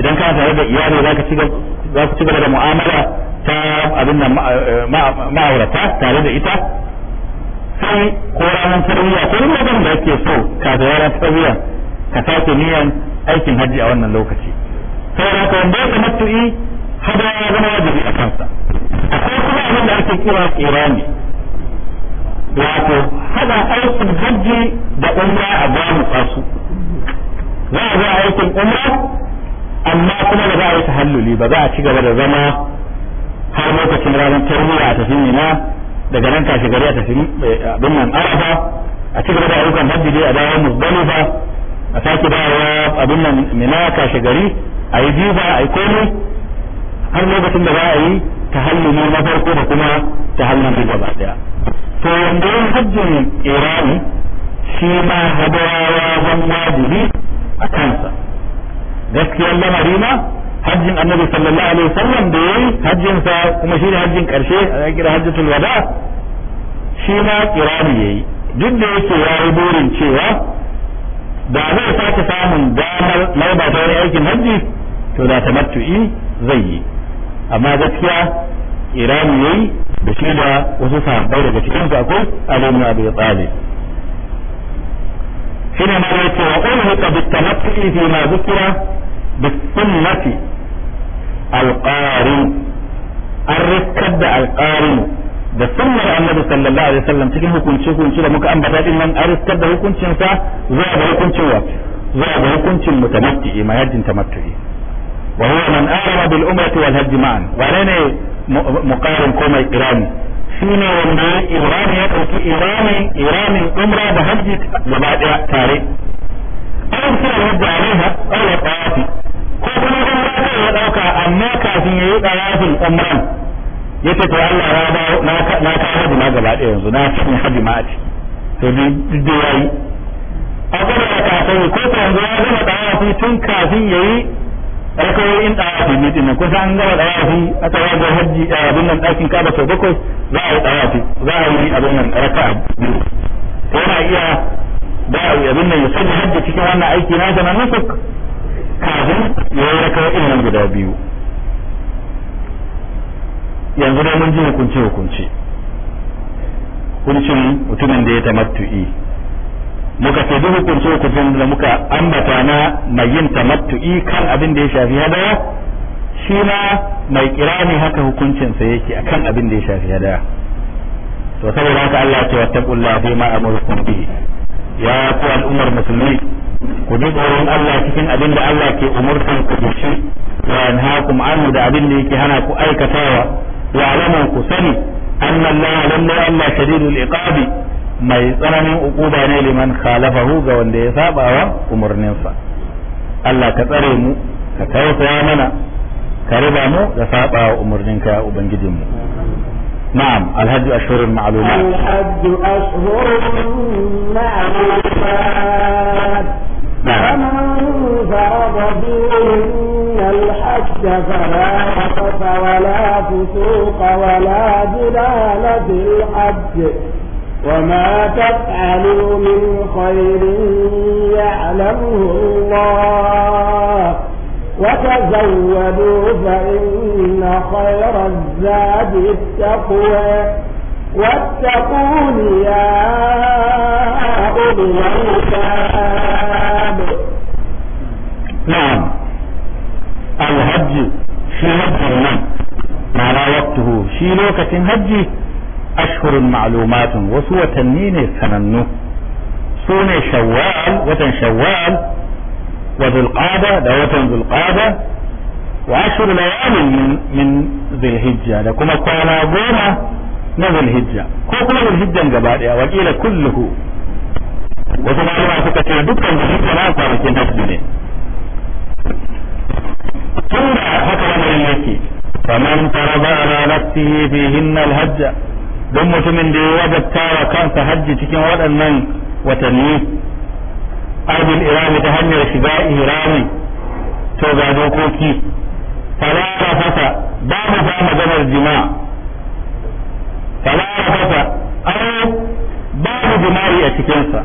idan kana tare da iyali za ka ci gaba da mu'amala ta abin nan eh, ma'aurata tare da ita sai ko ranar tarbiyya ko duk abin da ake so kafin ranar tarbiyya ka sake niyan aikin hajji a wannan lokaci da ka wanda ya tamattu'i hada ya zama wajibi a kansa akwai kuma abin da ake kira kirani wato hada aikin hajji da umra a gwamnati kasu za a zo aikin umra amma kuma ba za a yi tahalluli ba za a ci gaba da zama har lokacin ranar tarbiyya a tafi na daga nan kashe gari a tafi eh, abin nan arafa a ci gaba da ayyukan hajji dai a dawo musdalifa a sake dawowa abin nan mina kashi gari a yi jifa a yi komai har lokacin da za a yi tahallumi na farko da kuma tahallumi gaba daya to wanda yin hajjin irani shi ma hadarawa zan wajibi a kansa gaskiyar lamari ma hajjin annabi sallallahu alaihi wasallam da yayi hajjin sa kuma shine hajjin karshe a kira hajjatul wada shi ma kirani yayi duk da yake yi burin cewa da zai sake samun damar lauba ta wani aikin hajji to da tamattu'i zai yi amma gaskiya irani yayi da shi da wasu sahabbai daga cikin su akwai Ali ibn Abi Talib shine ma yake wa qulu tabattu'i fi ma zikra bis alƙari an riskar da alƙari da sunnar annabi sallallahu alaihi wasallam cikin hukunci hukunci da muka ambata din nan an riskar da hukuncin sa zuwa ga hukuncin wa zuwa ga hukuncin mutamatti ma yajin tamattu'i wa huwa man arama bil umrati wal hajji ma'an wa ne muqarin ko mai irani shine wanda irani ya dauki irani iranin umra da hajji gaba daya tare an sai wanda alaiha aw tawafi ko amma kafin ya yi ɗarafin umran ya ce to Allah ya ba na ka haji ma gaba ɗaya yanzu na cikin haji ma a ciki to duk da yi a kuma da kafin ko ta yanzu ya gama ɗarafi tun kafin ya yi rakawoyin ɗarafi ne dinnan kusa an gama ɗarafi a tsawon da hajji a abin nan ɗakin kaba sau bakwai za a yi ɗarafi za a yi abin nan a biyu to yana iya da abin nan ya sanya hajji cikin wannan aiki na zama nufuk kafin ya yi rakawoyin nan guda biyu yanzu dai mun ji hukunce hukunce hukuncin mutumin da ya tamattu'i muka ce duk hukunci hukuncin da muka ambata na mai yin tamattu'i kan abin da ya shafi hadaya shi ma mai kirani haka hukuncinsa yake akan abin da ya shafi hadaya to saboda haka Allah ce wattaqullaha fi ma amurukum bi ya ku al'ummar musulmi ku ji tsoron Allah cikin abin da Allah ke umurtan ku da shi wa yanhaakum anhu da abin da yake hana ku aikatawa واعلموا كثني أن الله لم يأمى شديد الإقاب ما يسرني أقوباني لمن خالفه قوان دي ثابة وأمر ننصى الله كتريمو كتريمو سيامنا كربامو لثابة وأمر ننكا وبنجدهم نعم الهج أشهر المعلومات الهج أشهر المعلومات فمن نعم. فرض فيهن الحج فلا رفث ولا فسوق ولا جدال في الحج وما تفعلوا من خير يعلمه الله وتزودوا فإن خير الزاد التقوى واتقون يا أولي الألباب نعم الهج في نظرنا معنى وقته في لوكة هجي أشهر معلومات وسوى تنين سننه سونة شوال وتن شوال وذو القادة دوتن ذي القعدة وعشر ليال من من ذي الهجة لكم قال أبونا من ذي الهجة كل ذي الهجة جبارة وقيل كله وثم أنا أعتقد أن دكتور ذي الهجة لا أعتقد أن هجة tun da haka lamarin yake faman faraba ala nafsihi fihinna hajja. don mutumin da ya wajabta wa kansa hajji cikin waɗannan watanni abin irami ta hanyar shiga irami to ga dokoki fala rafasa babu ba maganar jima'a fala rafasa au babu jima'i a cikinsa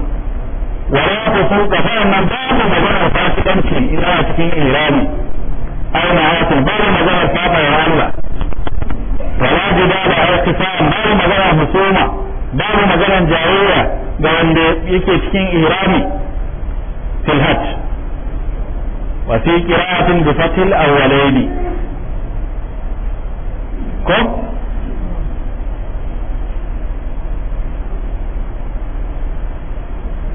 wala ta sun kafa nan babu maganar fasikanci ina cikin irami أين عاصر بين مجال الفاطة والعلوة ولا جدال أو قسام بين مجال الهسومة بين مجال جارية بين يكي تكين إيراني في الهج وفي قراءة بفتح الأولين كم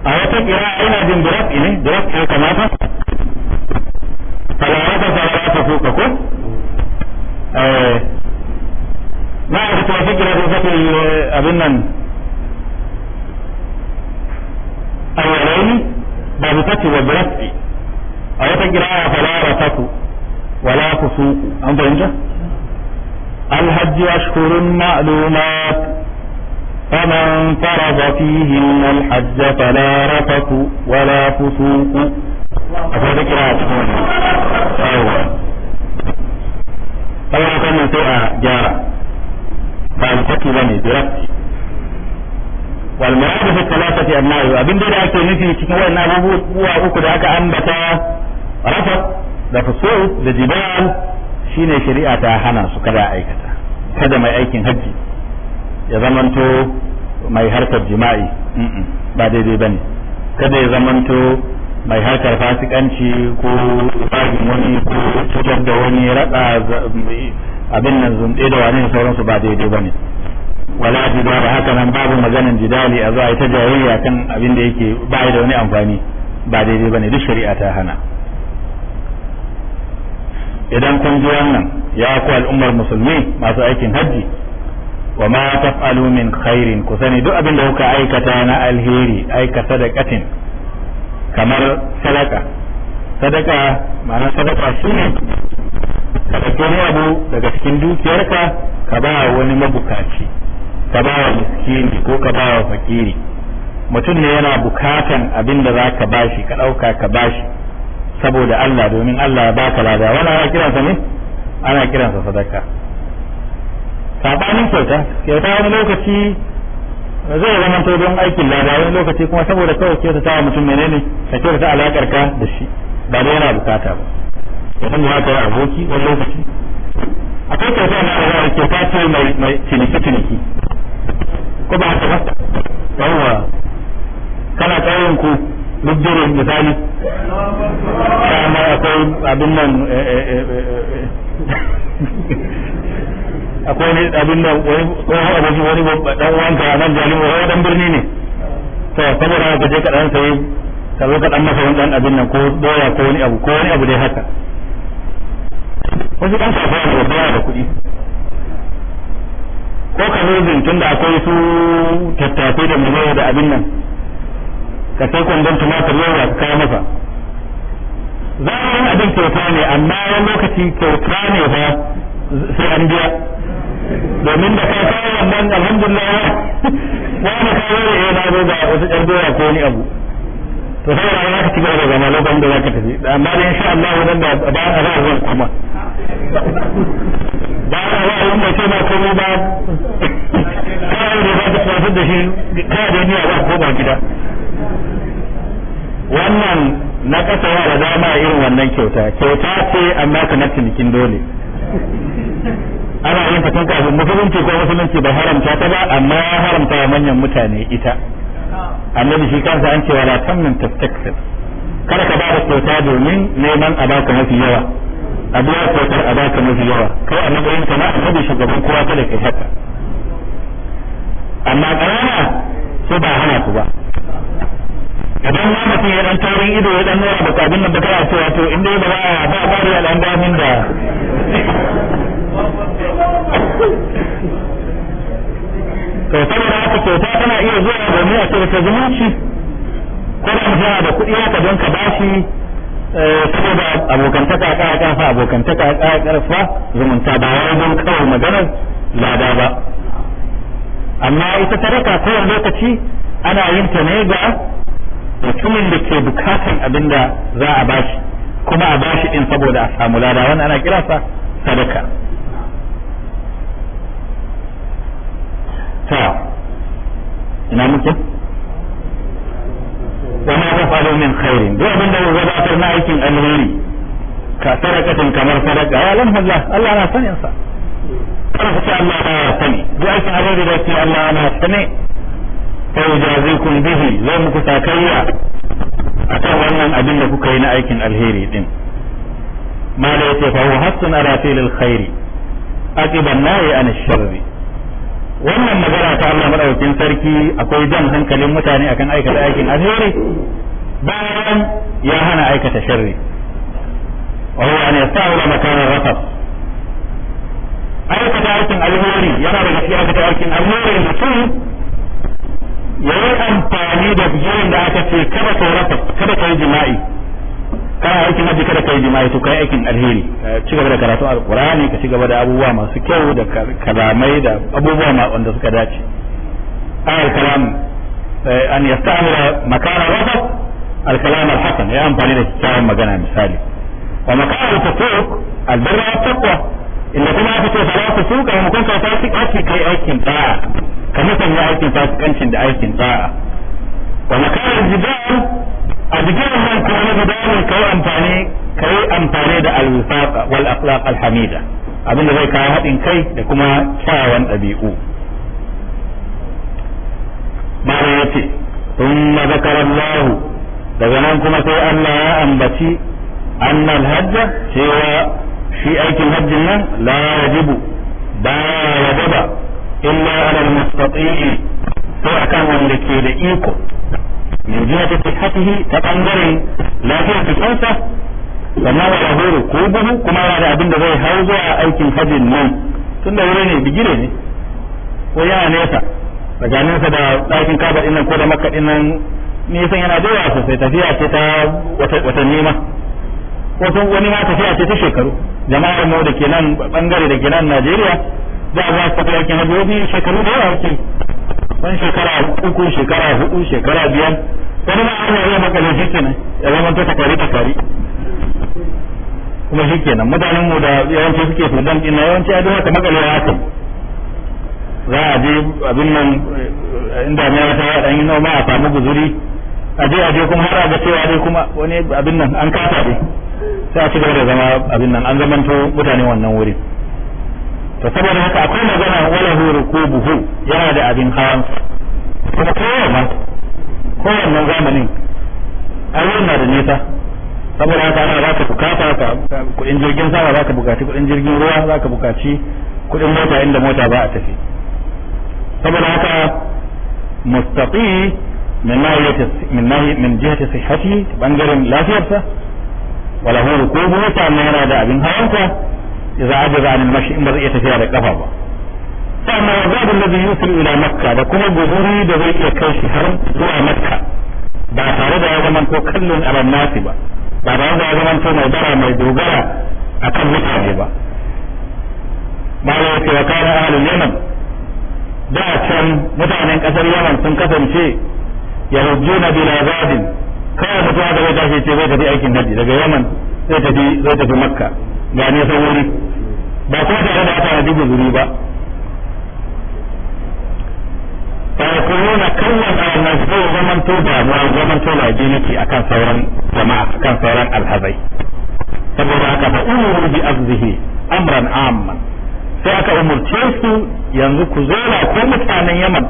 a wata kira ina jin direct ne direct ya kamata فلا عرفت ولا تفوتكم آه. ما عرفت فكرة ذات أبنان أولين بابتك وبرفع أولا تجرى فلا رفت ولا فسوق أنت إنجا الحج أشهر معلومات فمن فرض فيهن الحج فلا رفث ولا فسوق أفضل كراءة tsayawa tsawon kwanan sai a gyara ba alfaki ba ne direct wal muradu fi salatati annahu abin da ake nufi cikin wannan abubuwa uku da aka ambata rafa da fusu da jibal shine shari'a ta hana su kada aikata kada mai aikin hajji ya zamanto mai harkar jima'i ba daidai bane kada ya zamanto mai harkar fasikanci ko bagin wani ko cutar da wani raɗa abin nan zunɗe da wani sauransu ba daidai ba ne wala jidala haka nan babu maganan jidali a zuwa ita jayayya kan abin da yake ba da wani amfani ba daidai ba ne duk shari'a ta hana idan kun ji wannan ya ku al'ummar musulmi masu aikin hajji wa ma taf'alu min khairin ku sani duk abin da kuka aikata na alheri aikata da katin kamar sadaka sadaka ma'ana sadaka shi ne ka ɗauki wani abu daga cikin dukiyarka ka ba wani mabukaci ka ba wa miskini ko ka ba wa fakiri mutum ne yana bukatan abin da za ka bashi ka ɗauka ka bashi saboda Allah domin Allah ya baka lada wani ana kiransa ne ana kiransa sadaka sabanin kyauta kyauta wani lokaci zai zama to don aikin labarin lokaci kuma saboda kawai ke ta wa mutum menene ka ce ta alakar ka da shi ba da yana bukata ba san ya kai aboki wani lokaci akwai sai na a ke fata mai mai tiniki tiniki ko ba ta ba yawa kana kawon ku duk dare misali kama akwai abin nan eh, eh, eh, akwai wani abin da wani tsohon abokin wani dan wanka a nan jalimu wani dan birni ne to saboda haka je ka dan sayi ka zo ka dan masa wani dan abin nan ko doya ko wani abu ko wani abu dai haka wasu dan safa ne ba da kuɗi ko ka zo tun da akwai su tattafe da mai da abin nan ka sai kwandon tumatir yau ka kawo masa yi abin kyauta ne amma wani lokaci kyauta ne ba sai an biya domin da ka kawo wannan alhamdulillah ya na kawo da ya ba da wasu ƴar doya ko wani abu to sai rana ka cigaba da zama lokacin da zaka tafi amma da insha Allah wannan da ba a ba zan kuma ba a ba in ba ce ba komai ba kai da ba ta tafi da shi kai da ni ba ko ba gida wannan na kasa wa da dama irin wannan kyauta kyauta ce amma kana na cinikin dole ana yin fatan kafin musulunci ko musulunci bai haramta ta ba amma ya haramta wa manyan mutane ita annabi shi kansa an cewa la tamnun tastakthir kada ka bada kyauta domin neman a baka mafi yawa a biya kyautar a baka mafi yawa kai a matsayin ka na annabi shugaban kowa kada kai haka amma ƙarama sai ba hana ku ba idan ma mutum ya dan tarin ido ya dan nuna bakabin nan da kana cewa to inda ba ba ba da ba da to haka kyauta tana iya zuwa domin a ta zumunci ko da zuwa da kuɗi haka don ka bashi eh, saboda abokantaka ya ƙara ƙarfa abokantaka ya ƙara ƙarfa zumunta ba wajen don kawai maganar lada ba amma ita taraka kowane lokaci ana yin ta ne ga mutumin da ke bukatan abin da za a bashi kuma a bashi din saboda a samu lada wannan ana kirasa sadaka ta ina muke wani ya faru min khairin duk abin da ya gabatar na aikin alheri ka sadakatin kamar sadaka ya alhamdulillah Allah na sanin sa kada ku ce Allah na sani duk aikin alheri da ce Allah na sani fa yujazikum bihi zai muku sakayya akan wannan abin da kuka yi na aikin alheri din ma da yace fa huwa hasan ala fil khairi aqiban nahi an sharri wannan magana ta Allah madaukin sarki akwai jan hankalin mutane akan aikata aikin alheri bayan ya hana aikata sharri wa huwa an yasta'ula makanan rafas aikata aikin alheri yana da gaskiya aikata aikin alheri mutum ya yi amfani da bijirin da aka ce kada ka kada ka yi jima'i kana aikin haji kada kai jima'i to kai aikin alheri ci gaba da karatu alqur'ani ka ci gaba da abubuwa masu kyau da kalamai da abubuwa ma wanda suka dace ayar kalam eh, an yasta'mira makana rafa alkalam alhasan ya amfani da kyakkyawan magana misali wa makana tatuq albirra taqwa inda kuma aka ce salatu suka mu kun ka aiki kai aikin ta'a ka san ya aikin fasikancin da aikin ta'a wa makana jidal a jikin wannan kuma na gudanar ka yi amfani kai amfani da al-wifaq wal akhlaq al-hamida abin da zai kawo haɗin kai da kuma kyawawan ɗabi'u mana yace thumma zakara Allah daga nan kuma sai Allah ya ambaci annal hajja cewa shi aikin hajjin nan la yajibu ba ya daba illa ala al-mustati sai akan wanda ke da iko min jihati sihhatihi ta bangaren lafiyar jikinsa sannan wa ko kubuhu kuma yana da abin da zai hau zuwa aikin hajjin nan tunda wuri ne bigire ne ko yana nesa tsakaninsa da ɗakin kaba ɗin ko da makka ɗin yana da yawa sosai tafiya ce ta watanni ma ko sun wani ma tafiya ce ta shekaru jama'ar mu da ke nan bangare da ke nan Najeriya za a za su tafi aikin hajji wani shekaru da yawa ke Wani shekara uku shekara hudu shekara biyar wani ma ana zai maka laifi kenan ya zama ta takari takari kuma shi nan mutanen mu da yawanci suke fulgan din na yawanci ai haka makalewa haka za a je abin nan eh, inda ne wata ya dan yi noma a samu guzuri a je a je kuma har a ga cewa dai kuma wani abin nan an kasa dai sai a ci gaba da zama abin nan an zamanto mutane wannan wurin to saboda haka akwai magana wala hu rukubuhu yana da abin hawan kuma kowa ma kowannan zamanin ayyukan na da nisa saboda haka ana zaka bukata ka kudin jirgin sama zaka bukaci kudin jirgin ruwa zaka bukaci kuɗin mota inda mota ba a tafi saboda haka mustaqi min nahiyati min nahi min jihati sihhati bangaren lafiyarsa wala hu rukubu ta yana da abin hawansa idza ajaza anil mashi in ba zai iya tafiya da kafa ba sannan wa zabu ladhi yusil ila makka da kuma guduri da zai iya kai shi har zuwa makka ba tare da ya zama ko kallon alannasi ba ba tare da ya zama to mai bara mai dogara akan mutane ba ba ya ce wa kana ahlul yaman da can mutanen ƙasar yaman sun kasance yarujuna bila zadin kawai mutuwa da zai tashi ce zai tafi aikin haji daga yaman zai tafi zai makka ga nisan wuri ba ko tare da aka rage guzuri ba fa yakununa kawwan annas zai zaman to da mu zaman to lajinati akan sauran jama'a akan sauran alhazai saboda haka fa umuru bi azzihi amran amman sai aka umurce su yanzu ku zo na ko mutanen Yaman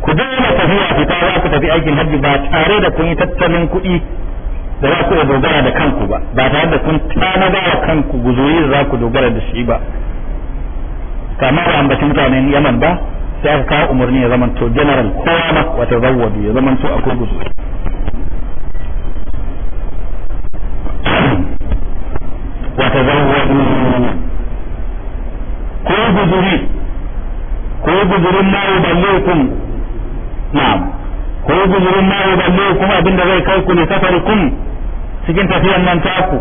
ku daina tafiya fita za ku tafi aikin hajji ba tare da kun yi tattalin kuɗi da za ku dogara da kanku ba ba tare da kun tanada wa kanku guzoyi da za ku dogara da shi ba kamar da ambacin mutanen yaman ba sai aka kawo umarni ya zama to general kowa ma wata zawwadu ya zama to akwai guzoyi wata zawwadu ko guzuri ko guzurin ma yuballikum na'am ko guzurin ma yuballikum abinda zai kai ku ne kun. cikin tafiyar nan ta ku.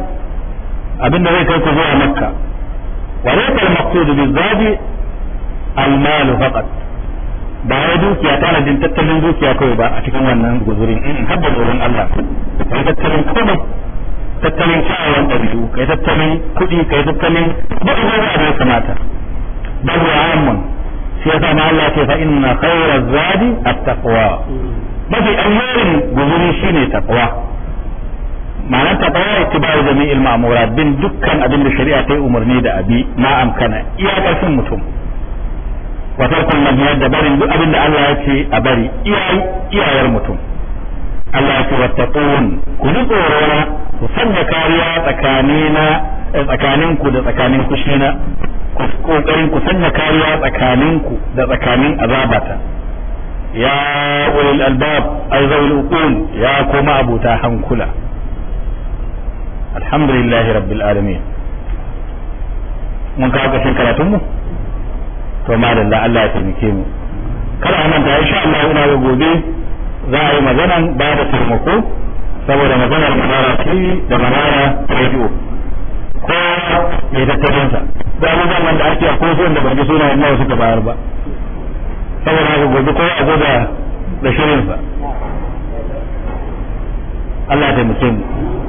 abinda zai kai ku zuwa makka wa laysa al-maqsud bi-dhabi al-mal faqat ba wai dukiya tana din tattalin dukiya kawai ba a cikin wannan guzurin in har da tsoron Allah kai tattalin komai tattalin kyawawan ɗabi'u kai tattalin kuɗi kai tattalin duk abubuwa da ya kamata bal wa amman shi yasa ma Allah ke fa inna khayra zadi at-taqwa mafi alherin guzuri shine taqwa ma'anar ta fara bayar da ni bin dukkan abin da shari'a ta yi umarni da abi na amkana iya ƙarfin mutum wata tarkul mabiyar da barin duk abin da Allah ya ce a bari iyayar mutum Allah ya ce tsohon ku ji eh, ku sanya kariya tsakaninku da tsakanin kushina ku kokarin ku sanya kariya tsakanin ku da tsakanin azabata ya ulul albab ay zawul ya kuma abuta hankula alhamdulillahi rabbil alamin mun kawo kashin karatun mu to madalla Allah ya taimake mu kada a manta insha Allah ina gobe za a yi maganan ba da taimako saboda maganar manara ce da manara radio ko mai tattalin da abubuwan da ake a kofin da bari suna wannan suka bayar ba saboda haka gobe ko a goda da shirin Allah ya taimake mu